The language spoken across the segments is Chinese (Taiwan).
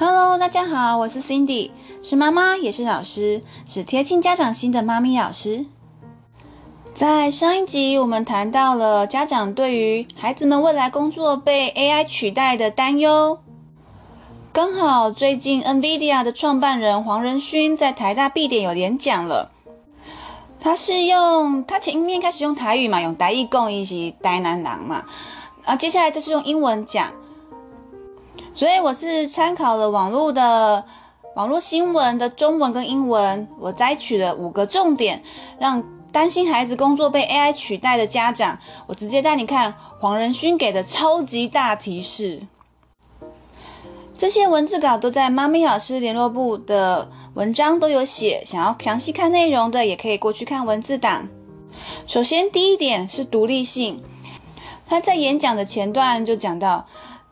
Hello，大家好，我是 Cindy，是媽媽也是老師，是貼近家長心的媽咪老師。在上一集我們談到了家長對於孩子們未來工作被 AI 取代的擔憂。剛好最近 NVIDIA 的創辦人黃仁勳在台大畢典有演講了，他是用，他前面開始用台語嘛，用台語講」，以及「台南郎嘛，啊，接下來就是用英文講。所以我是參考了網絡的網絡新聞的中文跟英文，我摘取了五個重點，讓擔心孩子工作被 AI 取代的家長，我直接帶你看黃仁勳給的超級大提示。這些文字稿都在媽咪老師聯絡部的文章都有寫，想要詳細看內容的也可以過去看文字檔。首先，第一點是獨立性，他在演講的前段就講到。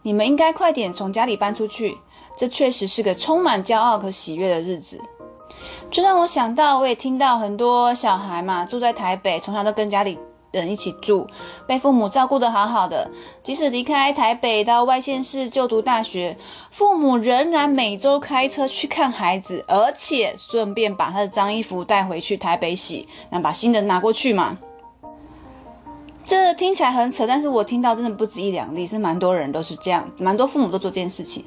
你們應該快點從家裡搬出去。這確實是個充滿驕傲和喜悅的日子。就讓我想到，我也聽到很多小孩嘛，住在台北，從小都跟家裡人一起住，被父母照顧得好好的。即使離開台北到外縣市就讀大學，父母仍然每週開車去看孩子，而且順便把他的髒衣服帶回去台北洗，那把新的拿過去嘛。這聽起來很扯，但是我聽到真的不止一兩例，是蠻多人都是這樣，蠻多父母都做這件事情。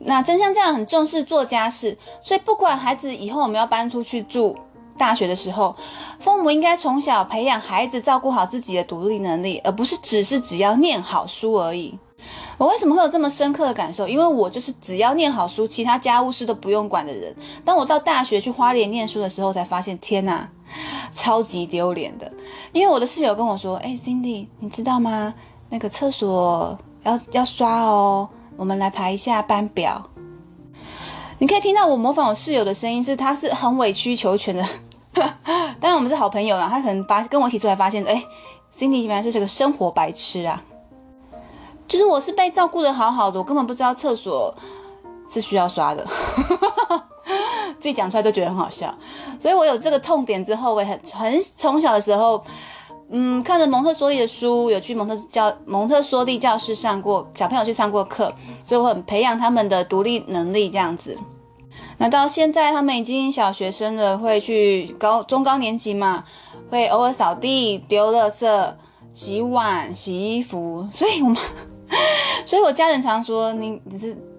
那真像這樣很重視做家事，所以不管孩子以後我們要搬出去住，大學的時候，父母應該從小培養孩子照顧好自己的獨立能力，而不是只是只要念好書而已。我為什麼會有這麼深刻的感受？因為我就是只要念好書，其他家務事都不用管的人。當我到大學去花蓮念書的時候，才發現，天吶，超級丟臉的，因為我的室友跟我說：“哎，Cindy，你知道嗎？那個廁所要要刷哦，我們來排一下班表。”你可以聽到我模仿我室友的聲音，是他是很委曲求全的。當然我們是好朋友啊，他可能發，跟我一起出來發現，哎，Cindy 原來是這個生活白痴啊，就是我是被照顧得好好的，我根本不知道廁所是需要刷的。呵呵呵。自己講出來都覺得很好笑，所以我有這個痛點之後，我也很很從小的時候，嗯，看了蒙特梭利的書，有去蒙特教蒙特梭利教室上過小朋友去上過課，所以我很培養他們的獨立能力這樣子。那到現在他們已經小學生了，會去高中高年級嘛，會偶爾掃地、丟垃圾、洗碗、洗衣服，所以我媽，所以我家人常說你你是。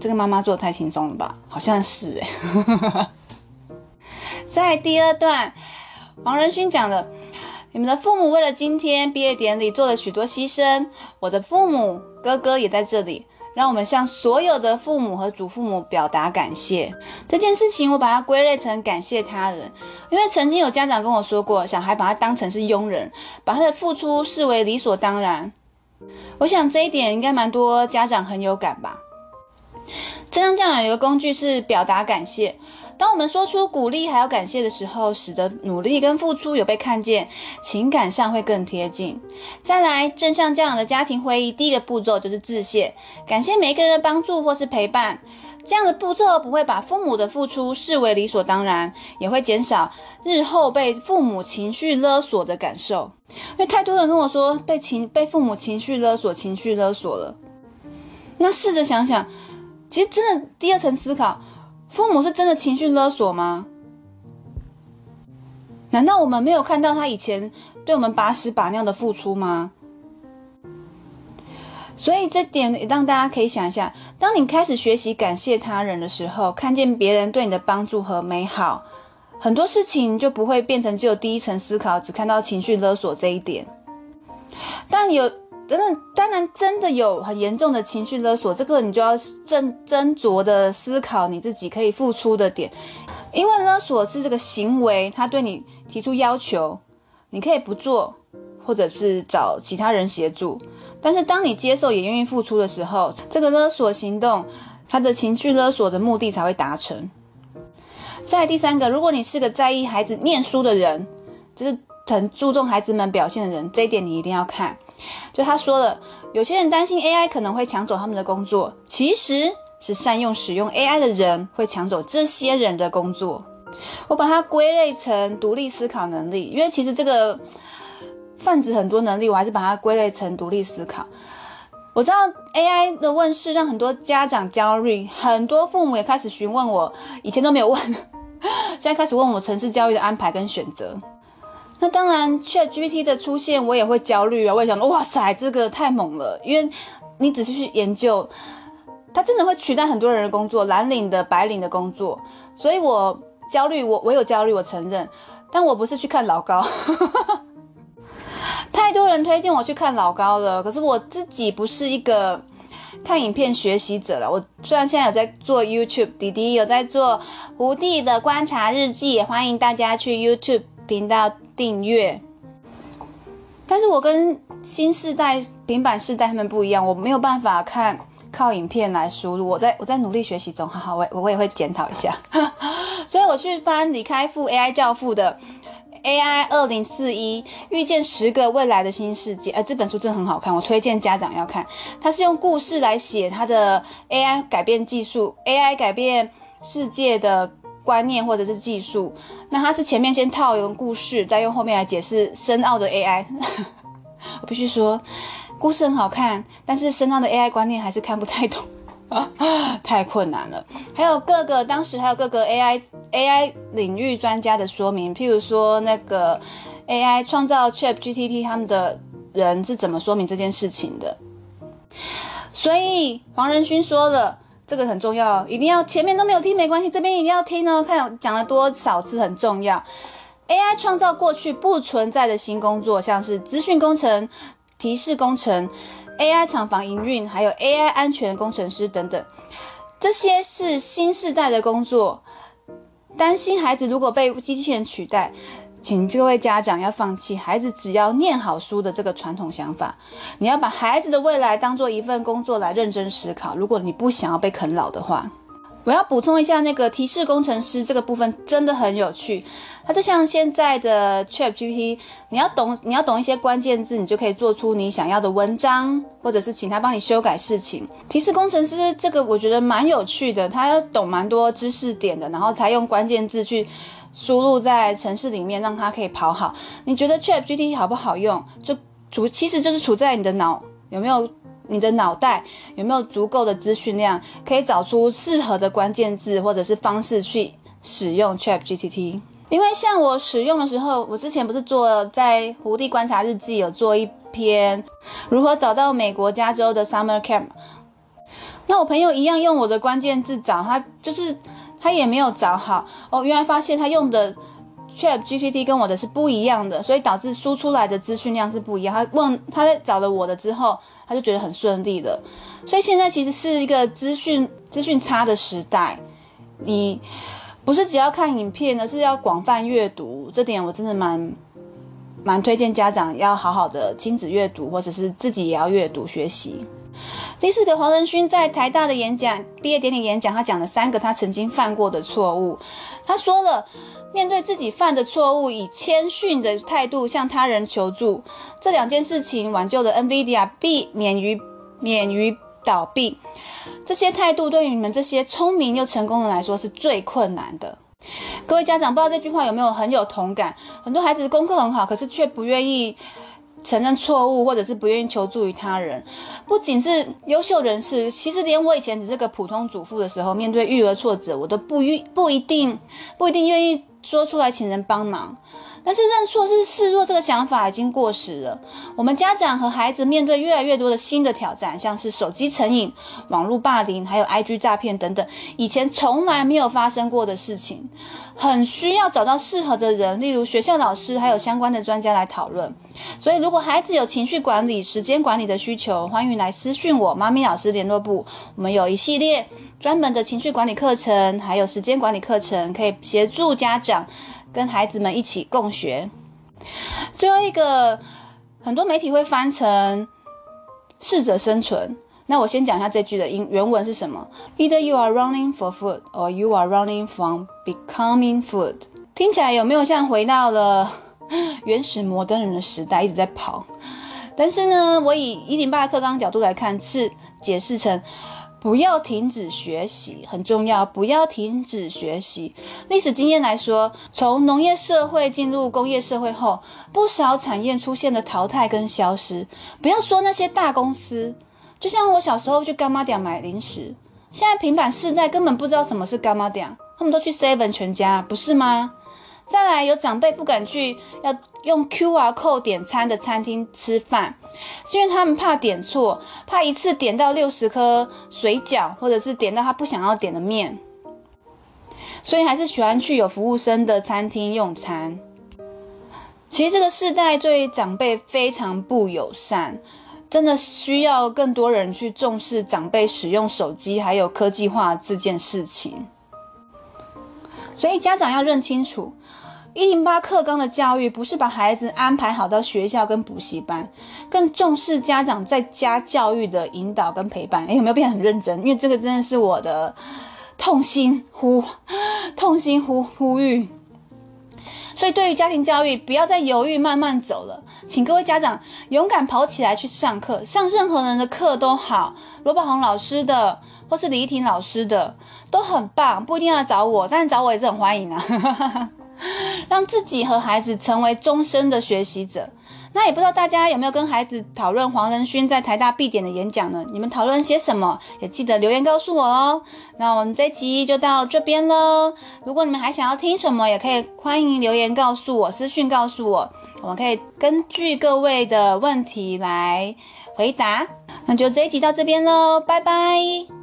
這個媽媽做的太輕鬆了吧？好像是欸。在第二段，黃仁勳講了，你們的父母為了今天畢業典禮做了許多犧牲，我的父母、哥哥也在這裡，讓我們向所有的父母和祖父母表達感謝。這件事情我把它歸類成感謝他人，因為曾經有家長跟我說過，小孩把他當成是傭人，把他的付出視為理所當然。我想這一點應該蠻多家長很有感吧。正向教養有一個工具是表達感謝。當我們說出鼓勵，還有感謝的時候，使得努力跟付出有被看見，情感上會更貼近。再來，正向教養的家庭會議，第一個步驟就是致謝，感謝每一個人的幫助或是陪伴。這樣的步驟不會把父母的付出視為理所當然，也會減少日後被父母情緒勒索的感受。因為太多人跟我說被情被父母情緒勒索，情緒勒索了。那試着想想。其實真的，第二層思考，父母是真的情緒勒索嗎？難道我們沒有看到他以前對我們把屎把尿的付出嗎？所以這點也讓大家可以想一下，當你開始學習感謝他人的時候，看見別人對你的幫助和美好，很多事情就不會變成只有第一層思考，只看到情緒勒索這一點。但有。當然，真的有很嚴重的情緒勒索，這個你就要斟斟酌的思考你自己可以付出的點，因為勒索是這個行為，他對你提出要求，你可以不做，或者是找其他人協助。但是當你接受也願意付出的時候，這個勒索行動，他的情緒勒索的目的才會達成。再來第三個，如果你是個在意孩子念書的人，就是很注重孩子們表現的人，這一點你一定要看。就他說了，有些人擔心 AI 可能會搶走他們的工作，其實是善用使用 AI 的人會搶走這些人的工作。我把它歸類成獨立思考能力，因為其實這個泛指很多能力，我還是把它歸類成獨立思考。我知道 AI 的問世讓很多家長焦慮，很多父母也開始詢問我，以前都沒有問，現在開始問我程式教育的安排跟選擇。那當然，ChatGPT 的出現，我也會焦慮啊！我也想說，哇塞，這個太猛了！因為，你仔細去研究，它真的會取代很多人的工作，藍領的、白領的工作。所以我焦慮，我我有焦慮，我承認。但我不是去看老高， 太多人推薦我去看老高了。可是我自己不是一個看影片學習者啦。我雖然現在有在做 YouTube，弟弟有在做胡弟的觀察日記，也歡迎大家去 YouTube 頻道。訂閱，但是我跟新世代平板世代他們不一樣，我沒有辦法看靠影片來輸入。我在我在努力學習中，哈，我我我也會檢討一下。 所以，我去翻李開復《AI 教父》的《AI 二零四一：預見十個未來的新世界》，呃，這本書真的很好看，我推薦家長要看。他是用故事來寫他的 AI 改變技術，AI 改變世界的。觀念或者是技術，那他是前面先套一個故事，再用後面來解釋深奧的 AI。 我必須說，故事很好看，但是深奧的 AI 觀念還是看不太懂， 太困難了。還有各個當時還有各個 AI AI 領域專家的說明，譬如說那個 AI 創造 ChatGPT 他們的人是怎麼說明這件事情的。所以黃仁勳說了。這個很重要，一定要前面都沒有聽沒關係，這邊一定要聽哦。看講了多少次，很重要。AI 創造過去不存在的新工作，像是資訊工程、提示工程、AI 廠房營運，還有 AI 安全工程師等等，這些是新世代的工作。擔心孩子如果被機器人取代。請各位家長要放棄孩子只要念好書的這個傳統想法，你要把孩子的未來當做一份工作來認真思考。如果你不想要被啃老的話，我要補充一下那個提示工程師這個部分真的很有趣，它就像現在的 ChatGPT，你要懂，你要懂一些關鍵字，你就可以做出你想要的文章，或者是請他幫你修改事情。提示工程師這個我覺得蠻有趣的，他要懂蠻多知識點的，然後才用關鍵字去。輸入在城市裡面，讓它可以跑好。你覺得 ChatGPT 好不好用？就其實就是處在你的腦有沒有，你的腦袋有沒有足夠的資訊量，可以找出適合的關鍵字或者是方式去使用 ChatGPT。因為像我使用的時候，我之前不是做了在湖地觀察日記，有做一篇如何找到美國加州的 Summer Camp。那我朋友一樣用我的關鍵字找，他就是。他也沒有找好哦，原來發現他用的 ChatGPT 跟我的是不一樣的，所以導致輸出來的資訊量是不一樣。他問，他找了我的之後，他就覺得很順利了。所以現在其實是一個資訊資訊差的時代，你不是只要看影片，而是要廣泛閱讀。這點我真的蠻蠻推薦家長要好好的親子閱讀，或者是自己也要閱讀學習。第四個，黃仁勳在台大的演講畢業典禮演講，他講了三個他曾經犯過的錯誤。他說了，面對自己犯的錯誤，以謙遜的態度向他人求助，這兩件事情挽救了 NVIDIA，避免於免於倒閉。這些態度對於你們這些聰明又成功的人來說是最困難的。各位家長，不知道這句話有沒有很有同感？很多孩子功課很好，可是卻不願意。承認錯誤，或者是不願意求助於他人，不僅是優秀人士，其實連我以前只是個普通主婦的時候，面對育兒挫折，我都不願，不一定，不一定願意說出來，請人幫忙。但是認錯是示弱，這個想法已經過時了。我們家長和孩子面對越來越多的新的挑戰，像是手機成癮、網絡霸凌，還有 IG 詐騙等等，以前從來沒有發生過的事情，很需要找到適合的人，例如學校老師，還有相關的專家來討論。所以，如果孩子有情緒管理、時間管理的需求，歡迎來私訊我，媽咪老師聯絡部，我們有一系列專門的情緒管理課程，還有時間管理課程，可以協助家長。跟孩子們一起共學。最後一個，很多媒體會翻成“適者生存”。那我先講一下這句的英原文是什麼：Either you are running for food, or you are running from becoming food。聽起來有沒有像回到了原始摩登人的時代一直在跑？但是呢，我以一零八課綱的角度來看，是解釋成。不要停止學習，很重要。不要停止學習。歷史經驗來說，從農業社會進入工業社會後，不少產業出現了淘汰跟消失。不要說那些大公司，就像我小時候去柑仔店買零食，現在平板世代根本不知道什麼是柑仔店，他們都去 seven 全家，不是嗎？再來，有長輩不敢去要用 QR Code 點餐的餐廳吃飯，是因為他們怕點錯，怕一次點到六十顆水餃，或者是點到他不想要點的麵，所以還是喜歡去有服務生的餐廳用餐。其實這個世代對長輩非常不友善，真的需要更多人去重視長輩使用手機還有科技化這件事情。所以家長要認清楚。一零八課綱的教育不是把孩子安排好到學校跟補習班，更重視家長在家教育的引導跟陪伴。哎、欸，有沒有變得很認真？因為這個真的是我的痛心呼，痛心呼呼籲。所以對於家庭教育，不要再猶豫，慢慢走了。請各位家長勇敢跑起來去上課，上任何人的課都好，羅寶鴻老師的或是李儀婷老師的都很棒，不一定要找我，但找我也是很歡迎啊。 讓自己和孩子成為終身的學習者。那也不知道大家有沒有跟孩子討論黃仁勳在台大畢典的演講呢？你們討論些什麼？也記得留言告訴我哦。那我們這一集就到這邊嘍。如果你們還想要聽什麼，也可以歡迎留言告訴我，私訊告訴我，我們可以根據各位的問題來回答。那就這一集到這邊嘍，拜拜。